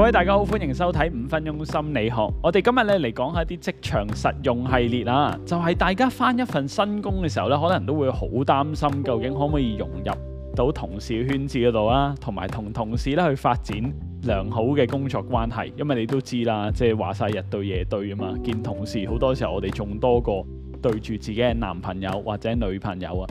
各位大家好，歡迎收睇五分鐘心理學。我哋今日咧嚟講下啲職場實用系列啦，就係大家翻一份新工嘅時候咧，可能都會好擔心，究竟可唔可以融入到同事圈子嗰度啊？同埋同同事咧去發展良好嘅工作關係，因為你都知啦，即係話晒日對夜對啊嘛，見同事好多時候我哋仲多過對住自己嘅男朋友或者女朋友啊。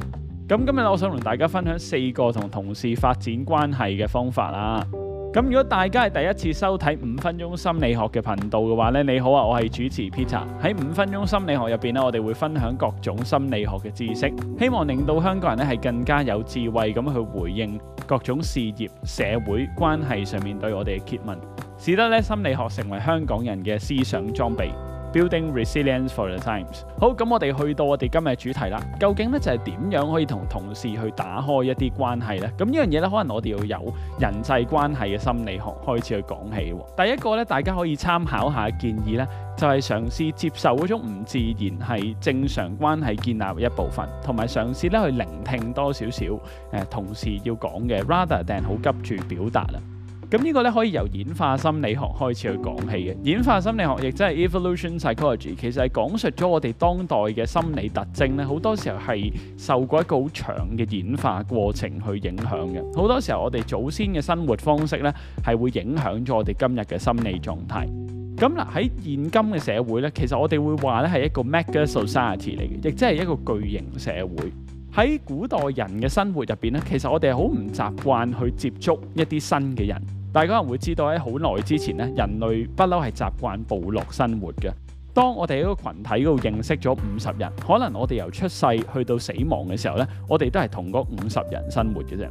咁今日我想同大家分享四個同同事發展關係嘅方法啦。咁如果大家係第一次收睇五分鐘心理學嘅頻道嘅話呢，你好啊，我係主持 Peter。喺五分鐘心理學入邊呢，我哋會分享各種心理學嘅知識，希望令到香港人呢係更加有智慧咁去回應各種事業、社會關係上面對我哋嘅揭問，使得咧心理學成為香港人嘅思想裝備。Building resilience for the times。好，咁我哋去到我哋今日嘅主題啦。究竟呢就係、是、點樣可以同同事去打開一啲關係呢？咁呢樣嘢呢，可能我哋要有人際關係嘅心理學開始去講起。第一個呢，大家可以參考下建議呢，就係、是、嘗試接受嗰種唔自然係正常關係建立一部分，同埋嘗試咧去聆聽多少少誒同事要講嘅，rather than 好急住表達啦。咁呢個咧可以由演化心理學開始去講起嘅。演化心理學亦即係 evolution psychology，其實係講述咗我哋當代嘅心理特徵咧，好多時候係受過一個好長嘅演化過程去影響嘅。好多時候我哋祖先嘅生活方式咧，係會影響咗我哋今日嘅心理狀態。咁嗱，喺現今嘅社會咧，其實我哋會話咧係一個 mega society 嚟嘅，亦即係一個巨型社會。喺古代人嘅生活入邊咧，其實我哋係好唔習慣去接觸一啲新嘅人。大家可能會知道喺好耐之前咧，人類不嬲係習慣部落生活嘅。當我哋喺個群體嗰度認識咗五十人，可能我哋由出世去到死亡嘅時候咧，我哋都係同嗰五十人生活嘅啫。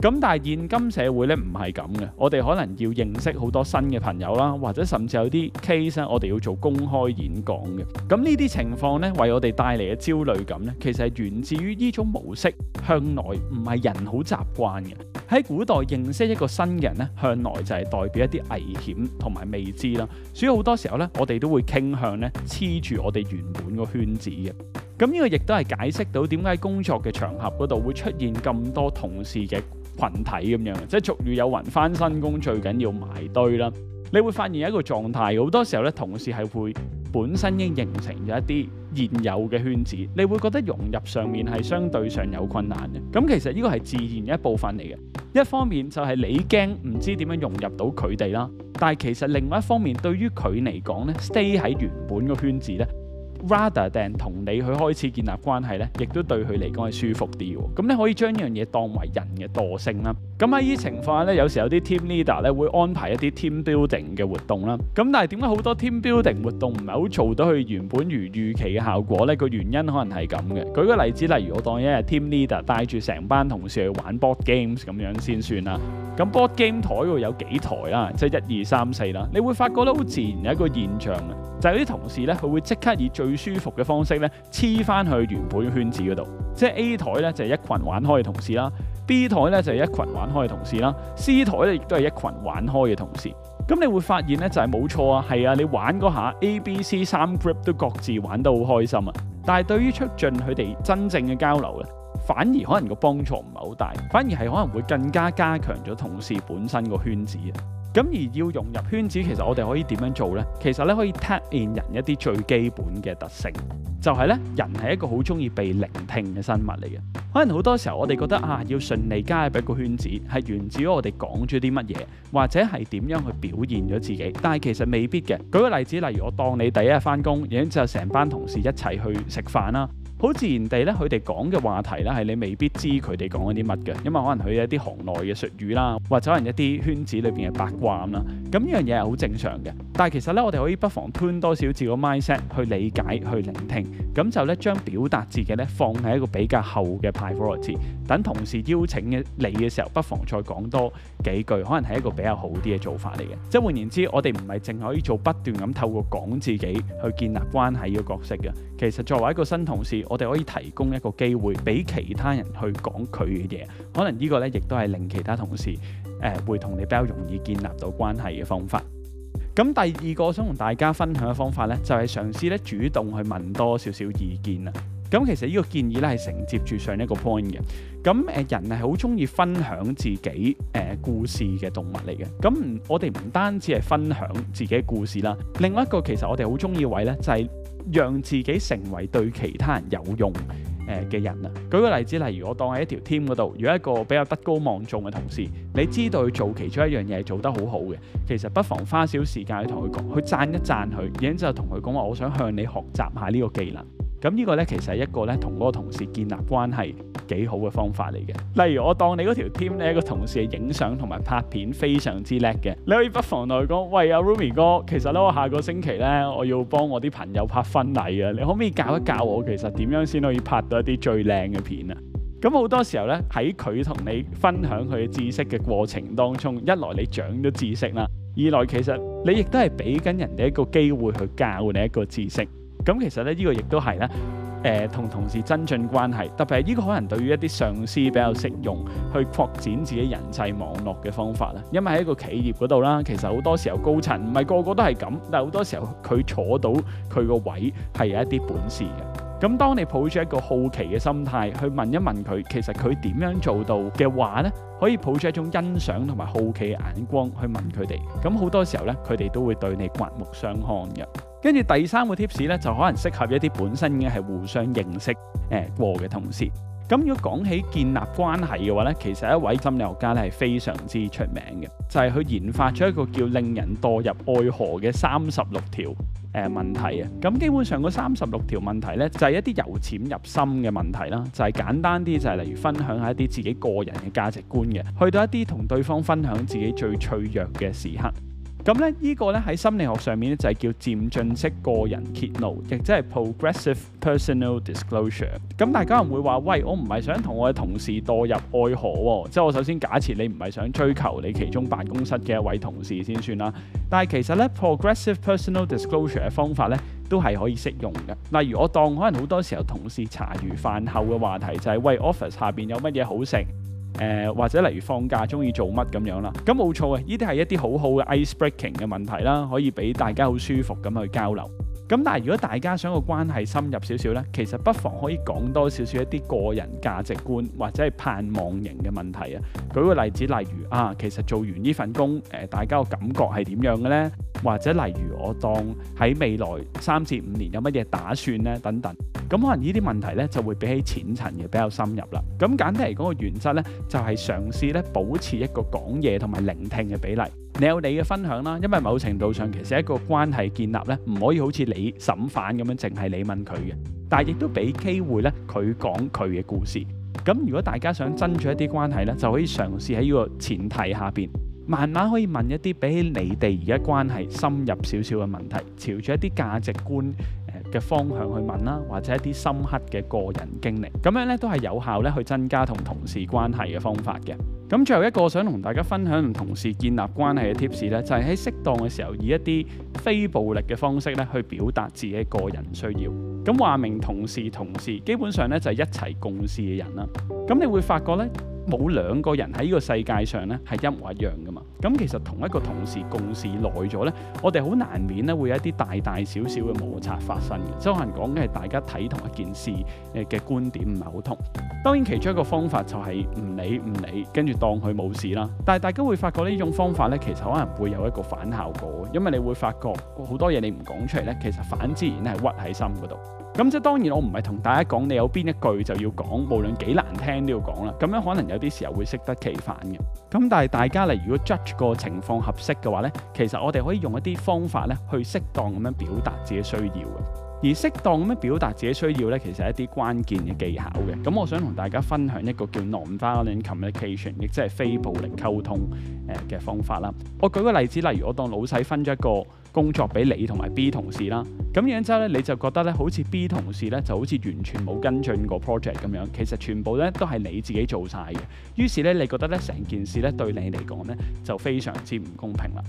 咁但係，現今社會咧唔係咁嘅。我哋可能要認識好多新嘅朋友啦，或者甚至有啲 case 咧，我哋要做公開演講嘅。咁呢啲情況咧，為我哋帶嚟嘅焦慮感咧，其實係源自於呢種模式向來唔係人好習慣嘅。喺古代認識一個新人咧，向來就係代表一啲危險同埋未知啦。所以好多時候咧，我哋都會傾向咧黐住我哋原本個圈子嘅。咁呢個亦都係解釋到點解工作嘅場合嗰度會出現咁多同事嘅。群體，咁樣即係俗語有云，返新工最緊要埋堆啦。你會發現一個狀態，好多時候咧，同事係會本身已經形成咗一啲現有嘅圈子，你會覺得融入上面係相對上有困難嘅。咁其實呢個係自然嘅一部分嚟嘅。一方面就係你驚唔知點樣融入到佢哋啦，但係其實另外一方面對於佢嚟講咧，stay 喺原本嘅圈子咧。Rather than 同你去開始建立關係咧，亦都對佢嚟講係舒服啲喎。咁你可以將呢樣嘢當為人嘅惰性啦。咁喺呢情況下咧，有時有啲 team leader 咧會安排一啲 team building 嘅活動啦。咁但係點解好多 team building 活動唔係好做到佢原本如預期嘅效果咧？個原因可能係咁嘅。舉個例子，例如我當一日 team leader 帶住成班同事去玩 board games 咁樣先算啦。咁 board game 台會有幾台啦，即係一、二、三、四啦。你會發覺得好自然有一個現象嘅，就係、是、啲同事咧佢會即刻以最最舒服嘅方式咧，黐翻去原本圈子嗰度。即係 A 台咧就係一群玩開嘅同事啦，B 台咧就係一群玩開嘅同事啦，C 台咧亦都係一群玩開嘅同事。咁你會發現咧就係冇錯啊，係啊，你玩嗰下 A、B、C 三 group 都各自玩得好開心啊。但係對於促進佢哋真正嘅交流咧，反而可能個幫助唔係好大，反而係可能會更加加強咗同事本身個圈子啊。咁而要融入圈子，其實我哋可以點樣做呢？其實咧可以 tap in 人一啲最基本嘅特性，就係咧，人係一個好中意被聆聽嘅生物嚟嘅。可能好多時候我哋覺得啊，要順利加入一個圈子，係源自於我哋講咗啲乜嘢，或者係點樣去表現咗自己。但係其實未必嘅。舉個例子，例如我當你第一日翻工，然後成班同事一齊去食飯啦。好自然地咧，佢哋講嘅話題咧，係你未必知佢哋講緊啲乜嘅，因為可能佢有一啲行內嘅術語啦，或者可能一啲圈子裏邊嘅八卦啦。咁呢樣嘢係好正常嘅，但係其實呢，我哋可以不妨吞多少字個 mindset 去理解、去聆聽，咁就咧將表達自己呢，放喺一個比較後嘅 priority。等同事邀請你嘅時候，不妨再講多幾句，可能係一個比較好啲嘅做法嚟嘅。即係換言之，我哋唔係淨可以做不斷咁透過講自己去建立關係嘅角色嘅。其實作為一個新同事，我哋可以提供一個機會俾其他人去講佢嘅嘢，可能呢個呢，亦都係令其他同事。誒、呃、會同你比較容易建立到關係嘅方法。咁第二個想同大家分享嘅方法呢，就係、是、嘗試咧主動去問多少少意見啦。咁其實呢個建議咧係承接住上一個 point 嘅。咁誒人係好鍾意分享自己誒、呃、故事嘅動物嚟嘅。咁我哋唔單止係分享自己嘅故事啦，另外一個其實我哋好鍾意嘅位呢，就係、是、讓自己成為對其他人有用，誒嘅、呃、人啊，舉個例子，例如我當喺一條 team 嗰度，如果一個比較德高望重嘅同事，你知道佢做其中一樣嘢做得好好嘅，其實不妨花少少時間去同佢講，去讚一讚佢，然後就同佢講話，我想向你學習下呢個技能。咁呢個呢，其實係一個呢，同嗰個同事建立關係幾好嘅方法嚟嘅。例如我當你嗰條 team 呢，一個同事影相同埋拍片非常之叻嘅，你可以不妨同佢講：喂，阿 Rumi 哥，其實呢，我下個星期呢，我要幫我啲朋友拍婚禮啊，你可唔可以教一教我其實點樣先可以拍到一啲最靚嘅片啊？咁好多時候呢，喺佢同你分享佢嘅知識嘅過程當中，一來你長咗知識啦，二來其實你亦都係俾緊人哋一個機會去教你一個知識。咁其實咧，依個亦都係咧，誒同同事增進關係，特別係呢個可能對於一啲上司比較適用，去擴展自己人際網絡嘅方法啦。因為喺一個企業嗰度啦，其實好多時候高層唔係個個都係咁，但係好多時候佢坐到佢個位係有一啲本事嘅。咁當你抱住一個好奇嘅心態去問一問佢，其實佢點樣做到嘅話呢，可以抱住一種欣賞同埋好奇嘅眼光去問佢哋。咁好多時候呢，佢哋都會對你刮目相看嘅。跟住第三個 tips 咧，就可能適合一啲本身已經係互相認識誒，呃、過嘅同事。咁，嗯、如果講起建立關係嘅話呢，其實一位心理學家咧係非常之出名嘅，就係，是、佢研發咗一個叫令人墮入愛河嘅三十六條誒，呃、問題啊。咁，嗯、基本上個三十六條問題呢，就係，是、一啲由淺入深嘅問題啦，就係，是、簡單啲就係例如分享一下一啲自己個人嘅價值觀嘅，去到一啲同對方分享自己最脆弱嘅時刻。咁咧，呢個咧喺心理學上面咧就係叫漸進式個人揭露，亦即係 progressive personal disclosure。咁大家人會話喂，我唔係想同我嘅同事墮入愛河喎、哦，即係我首先假設你唔係想追求你其中辦公室嘅一位同事先算啦。但係其實咧，progressive personal disclosure 嘅方法咧都係可以適用嘅。例如我當可能好多時候同事茶餘飯後嘅話題就係、是、喂 Office 下邊有乜嘢好食。誒、呃、或者例如放假中意做乜咁樣啦，咁冇錯啊！呢啲係一啲好好嘅 ice breaking 嘅問題啦，可以俾大家好舒服咁去交流。咁但係如果大家想個關係深入少少呢，其實不妨可以講多少少一啲個人價值觀或者係盼望型嘅問題啊。舉個例子，例如啊，其實做完呢份工，誒、呃、大家個感覺係點樣嘅呢？或者例如我當喺未來三至五年有乜嘢打算呢？等等。咁可能呢啲問題呢，就會比起淺層嘅比較深入啦。咁簡單嚟講個原則呢，就係、是、嘗試呢，保持一個講嘢同埋聆聽嘅比例。你有你嘅分享啦，因為某程度上其實一個關係建立咧，唔可以好似你審犯咁樣，淨係你問佢嘅，但係亦都俾機會咧佢講佢嘅故事。咁如果大家想增進一啲關係咧，就可以嘗試喺呢個前提下邊，慢慢可以問一啲比起你哋而家關係深入少少嘅問題，朝住一啲價值觀誒嘅方向去問啦，或者一啲深刻嘅個人經歷，咁樣咧都係有效咧去增加同同事關係嘅方法嘅。咁最後一個想同大家分享，同同事建立關係嘅 tips 咧，就係喺適當嘅時候，以一啲非暴力嘅方式咧，去表達自己個人需要。咁話明同事，同事基本上咧就係一齊共事嘅人啦。咁你會發覺咧。冇兩個人喺呢個世界上呢係一模一樣嘅嘛，咁其實同一個同事共事耐咗呢，我哋好難免呢會有一啲大大小小嘅摩擦發生嘅。可能講嘅係大家睇同一件事誒嘅觀點唔係好同。當然，其中一個方法就係唔理唔理，跟住當佢冇事啦。但係大家會發覺呢種方法呢，其實可能會有一個反效果，因為你會發覺好多嘢你唔講出嚟呢，其實反自然係屈喺心嗰度。咁即係當然，我唔係同大家講你有邊一句就要講，無論幾難聽都要講啦。咁樣可能有啲時候會適得其反嘅。咁但係大家嚟，如果 judge 個情況合適嘅話呢，其實我哋可以用一啲方法咧，去適當咁樣表達自己需要嘅。而適當咁樣表達自己需要呢，其實係一啲關鍵嘅技巧嘅。咁我想同大家分享一個叫 Nonviolent Communication，亦即係非暴力溝通誒嘅方法啦。我舉個例子，例如我當老細分咗一個工作俾你同埋 B 同事啦，咁樣之後呢，你就覺得呢好似 B 同事呢就好似完全冇跟進過 project 咁樣，其實全部呢都係你自己做晒嘅。於是呢，你覺得呢成件事呢對你嚟講呢，就非常之唔公平啦。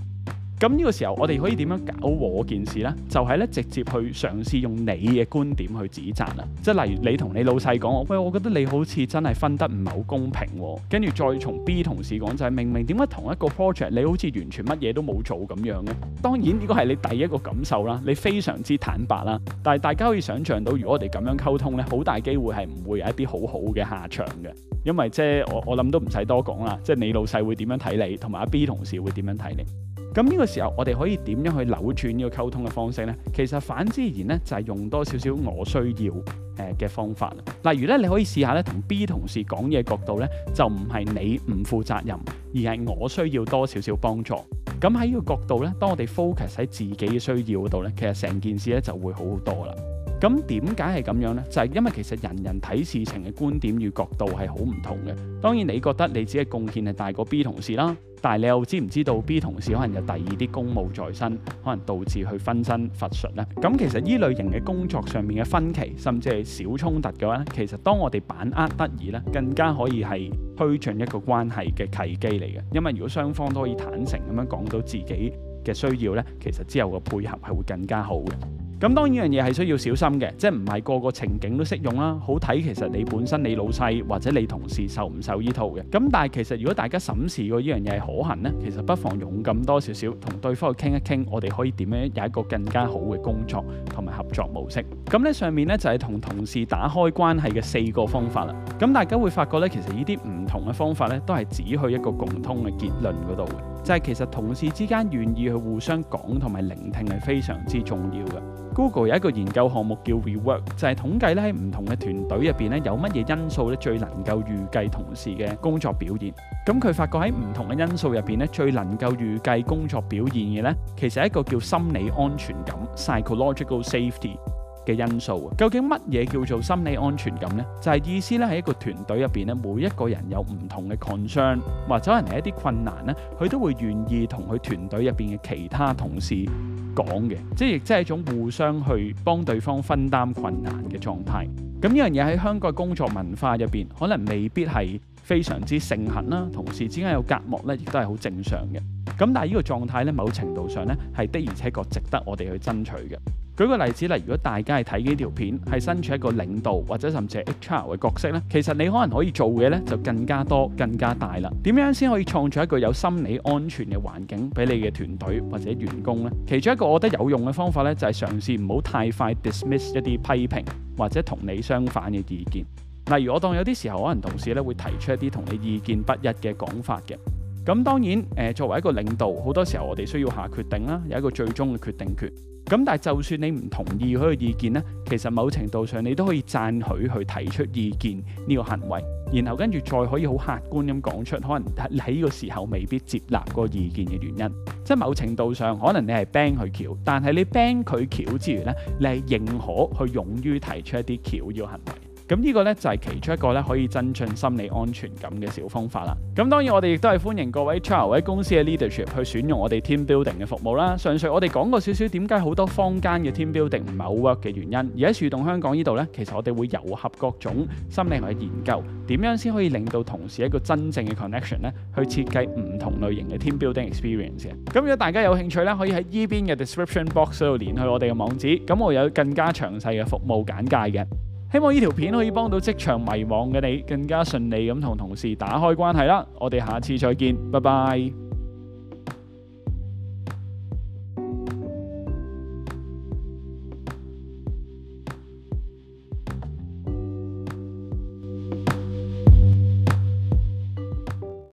咁呢個時候，我哋可以點樣搞和件事呢？就係咧，直接去嘗試用你嘅觀點去指責啦。即係例如，你同你老細講：喂，我覺得你好似真係分得唔係好公平喎。跟住再從 B 同事講就係：明明點解同一個 project，你好似完全乜嘢都冇做咁樣呢？當然呢個係你第一個感受啦，你非常之坦白啦。但係大家可以想象到，如果我哋咁樣溝通呢，好大機會係唔會有一啲好好嘅下場嘅。因為即係我我諗都唔使多講啦，即係你老細會點樣睇你，同埋 B 同事會點樣睇你。咁呢個時候，我哋可以點樣去扭轉呢個溝通嘅方式呢？其實反之而言呢就係、係、用多少少我需要誒嘅、呃、方法。例如咧，你可以試下咧，同 B 同事講嘢角度呢，就唔係你唔負責任，而係我需要多少少幫助。咁喺呢個角度呢，當我哋 focus 喺自己嘅需要度呢，其實成件事呢就會好好多啦。咁點解係咁樣呢？就係因為其實人人睇事情嘅觀點與角度係好唔同嘅。當然你覺得你自己嘅貢獻係大過 B 同事啦，但係你又知唔知道 B 同事可能有第二啲公務在身，可能導致去分身乏術咧？咁其實呢類型嘅工作上面嘅分歧，甚至係小衝突嘅話，其實當我哋把握得宜咧，更加可以係推進一個關係嘅契機嚟嘅。因為如果雙方都可以坦誠咁樣講到自己嘅需要咧，其實之後嘅配合係會更加好嘅。咁當然呢樣嘢係需要小心嘅，即係唔係個個情景都適用啦。好睇其實你本身你老細或者你同事受唔受依套嘅？咁但係其實如果大家審視過依樣嘢係可行呢，其實不妨勇敢多少少同對方去傾一傾，我哋可以點樣有一個更加好嘅工作同埋合作模式。咁呢上面呢，就係、是、同同事打開關係嘅四個方法啦。咁大家會發覺呢，其實呢啲唔同嘅方法呢，都係只去一個共通嘅結論嗰度。就係其實同事之間願意去互相講同埋聆聽係非常之重要嘅。Google 有一個研究項目叫 Rework，就係統計咧喺唔同嘅團隊入邊咧有乜嘢因素咧最能夠預計同事嘅工作表現。咁佢發覺喺唔同嘅因素入邊咧最能夠預計工作表現嘅咧，其實係一個叫心理安全感 （psychological safety）。嘅因素，究竟乜嘢叫做心理安全感呢？就係、是、意思咧，喺一個團隊入邊咧，每一個人有唔同嘅 concern，或者人嚟一啲困難呢，佢都會願意同佢團隊入邊嘅其他同事講嘅，即係亦真係一種互相去幫對方分擔困難嘅狀態。咁呢樣嘢喺香港工作文化入邊，可能未必係非常之盛行啦，同事之間有隔膜咧，亦都係好正常嘅。咁但係呢個狀態呢，某程度上呢，係的而且確值得我哋去爭取嘅。舉個例子啦，如果大家係睇呢條片，係身處一個領導或者甚至係 HR 嘅角色咧，其實你可能可以做嘅咧就更加多、更加大啦。點樣先可以創造一個有心理安全嘅環境俾你嘅團隊或者員工呢？其中一個我覺得有用嘅方法咧，就係嘗試唔好太快 dismiss 一啲批評或者同你相反嘅意見。例如，我當有啲時候，可能同事咧會提出一啲同你意見不一嘅講法嘅。咁當然，誒、呃、作為一個領導，好多時候我哋需要下決定啦，有一個最終嘅決定權。咁但係就算你唔同意佢嘅意見咧，其實某程度上你都可以贊許佢去提出意見呢個行為，然後跟住再可以好客觀咁講出，可能喺呢個時候未必接納個意見嘅原因。即係某程度上，可能你係 ban 佢橋，但係你 ban 佢橋之餘咧，你係認可去勇於提出一啲橋嘅行為。咁呢個呢，就係、是、其中一個咧可以增進心理安全感嘅小方法啦。咁當然我哋亦都係歡迎各位、各喺公司嘅 leadership 去選用我哋 team building 嘅服務啦。上述我哋講過少少點解好多坊間嘅 team building 唔係好 work 嘅原因，而喺樹洞香港呢度呢，其實我哋會糅合各種心理學研究，點樣先可以令到同事一個真正嘅 connection 呢去設計唔同類型嘅 team building experience 嘅。咁如果大家有興趣呢，可以喺依邊嘅 description box 度連去我哋嘅網址，咁我有更加詳細嘅服務簡介嘅。希望呢條片可以幫到職場迷惘嘅你，更加順利咁同同事打開關係啦！我哋下次再見，拜拜。